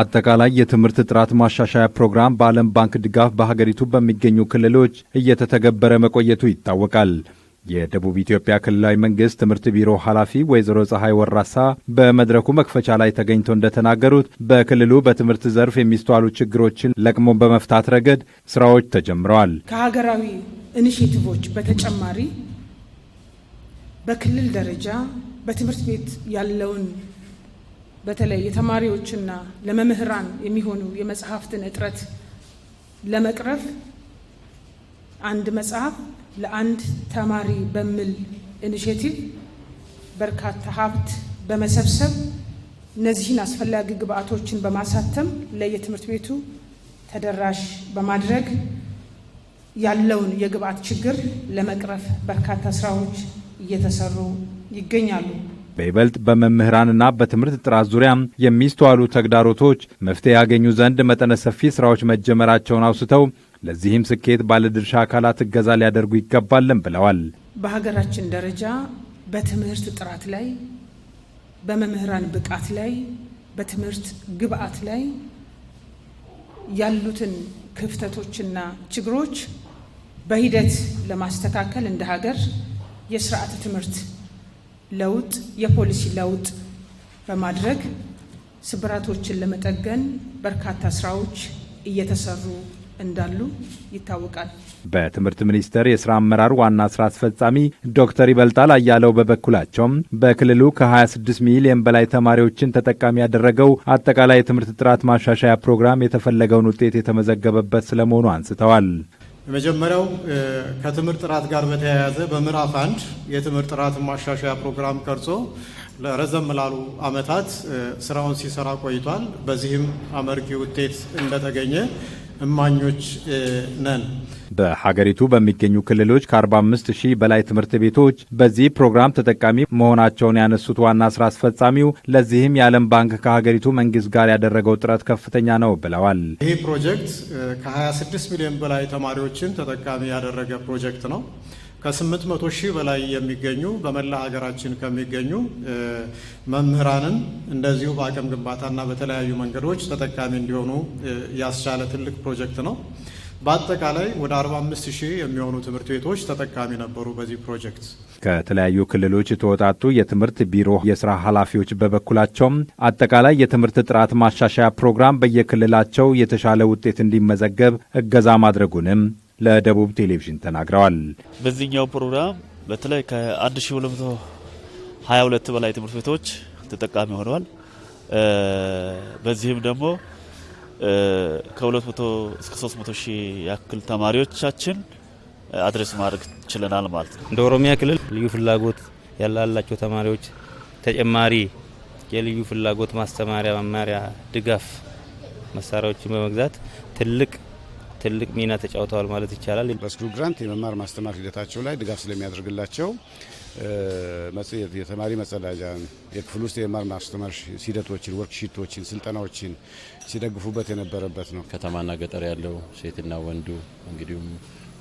አጠቃላይ የትምህርት ጥራት ማሻሻያ ፕሮግራም በዓለም ባንክ ድጋፍ በሀገሪቱ በሚገኙ ክልሎች እየተተገበረ መቆየቱ ይታወቃል። የደቡብ ኢትዮጵያ ክልላዊ መንግስት ትምህርት ቢሮ ኃላፊ ወይዘሮ ፀሐይ ወራሳ በመድረኩ መክፈቻ ላይ ተገኝተው እንደተናገሩት በክልሉ በትምህርት ዘርፍ የሚስተዋሉ ችግሮችን ለቅሞ በመፍታት ረገድ ስራዎች ተጀምረዋል። ከሀገራዊ ኢኒሼቲቮች በተጨማሪ በክልል ደረጃ በትምህርት ቤት ያለውን በተለይ የተማሪዎችና ለመምህራን የሚሆኑ የመጽሐፍትን እጥረት ለመቅረፍ አንድ መጽሐፍ ለአንድ ተማሪ በሚል ኢኒሽቲቭ በርካታ ሀብት በመሰብሰብ እነዚህን አስፈላጊ ግብአቶችን በማሳተም ለየትምህርት ቤቱ ተደራሽ በማድረግ ያለውን የግብአት ችግር ለመቅረፍ በርካታ ስራዎች እየተሰሩ ይገኛሉ። በይበልጥ በመምህራንና በትምህርት ጥራት ዙሪያ የሚስተዋሉ ተግዳሮቶች መፍትሄ ያገኙ ዘንድ መጠነ ሰፊ ስራዎች መጀመራቸውን አውስተው ለዚህም ስኬት ባለድርሻ አካላት እገዛ ሊያደርጉ ይገባለን ብለዋል። በሀገራችን ደረጃ በትምህርት ጥራት ላይ፣ በመምህራን ብቃት ላይ፣ በትምህርት ግብዓት ላይ ያሉትን ክፍተቶችና ችግሮች በሂደት ለማስተካከል እንደ ሀገር የስርዓተ ትምህርት ለውጥ የፖሊሲ ለውጥ በማድረግ ስብራቶችን ለመጠገን በርካታ ስራዎች እየተሰሩ እንዳሉ ይታወቃል። በትምህርት ሚኒስቴር የስራ አመራር ዋና ስራ አስፈጻሚ ዶክተር ይበልጣል አያለው በበኩላቸውም በክልሉ ከ26 ሚሊዮን በላይ ተማሪዎችን ተጠቃሚ ያደረገው አጠቃላይ የትምህርት ጥራት ማሻሻያ ፕሮግራም የተፈለገውን ውጤት የተመዘገበበት ስለመሆኑ አንስተዋል። የመጀመሪያው ከትምህርት ጥራት ጋር በተያያዘ በምዕራፍ አንድ የትምህርት ጥራት ማሻሻያ ፕሮግራም ቀርጾ ለረዘም ላሉ ዓመታት ስራውን ሲሰራ ቆይቷል። በዚህም አመርቂ ውጤት እንደተገኘ እማኞች ነን። በሀገሪቱ በሚገኙ ክልሎች ከ45 ሺህ በላይ ትምህርት ቤቶች በዚህ ፕሮግራም ተጠቃሚ መሆናቸውን ያነሱት ዋና ስራ አስፈጻሚው ለዚህም የዓለም ባንክ ከሀገሪቱ መንግስት ጋር ያደረገው ጥረት ከፍተኛ ነው ብለዋል። ይህ ፕሮጀክት ከ26 ሚሊዮን በላይ ተማሪዎችን ተጠቃሚ ያደረገ ፕሮጀክት ነው። ከ800 ሺህ በላይ የሚገኙ በመላ ሀገራችን ከሚገኙ መምህራንን እንደዚሁ በአቅም ግንባታና በተለያዩ መንገዶች ተጠቃሚ እንዲሆኑ ያስቻለ ትልቅ ፕሮጀክት ነው። በአጠቃላይ ወደ 45 ሺህ የሚሆኑ ትምህርት ቤቶች ተጠቃሚ ነበሩ። በዚህ ፕሮጀክት ከተለያዩ ክልሎች የተወጣጡ የትምህርት ቢሮ የስራ ኃላፊዎች በበኩላቸውም አጠቃላይ የትምህርት ጥራት ማሻሻያ ፕሮግራም በየክልላቸው የተሻለ ውጤት እንዲመዘገብ እገዛ ማድረጉንም ለደቡብ ቴሌቪዥን ተናግረዋል። በዚህኛው ፕሮግራም በተለይ ከ1222 በላይ ትምህርት ቤቶች ተጠቃሚ ሆነዋል። በዚህም ደግሞ ከ200 እስከ 300 ሺህ ያክል ተማሪዎቻችን አድሬስ ማድረግ ችለናል ማለት ነው። እንደ ኦሮሚያ ክልል ልዩ ፍላጎት ያላላቸው ተማሪዎች ተጨማሪ የልዩ ፍላጎት ማስተማሪያ መማሪያ ድጋፍ መሳሪያዎችን በመግዛት ትልቅ ትልቅ ሚና ተጫውተዋል ማለት ይቻላል። በስኩል ግራንት የመማር ማስተማር ሂደታቸው ላይ ድጋፍ ስለሚያደርግላቸው የተማሪ መጸዳጃ፣ የክፍል ውስጥ የመማር ማስተማር ሂደቶችን፣ ወርክሺቶችን፣ ስልጠናዎችን ሲደግፉበት የነበረበት ነው። ከተማና ገጠር ያለው ሴትና ወንዱ እንግዲሁም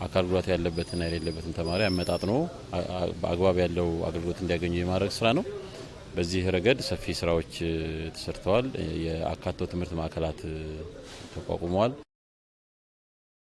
አካል ጉዳት ያለበትና የሌለበትን ተማሪ አመጣጥኖ በአግባብ ያለው አገልግሎት እንዲያገኙ የማድረግ ስራ ነው። በዚህ ረገድ ሰፊ ስራዎች ተሰርተዋል። የአካቶ ትምህርት ማዕከላት ተቋቁመዋል።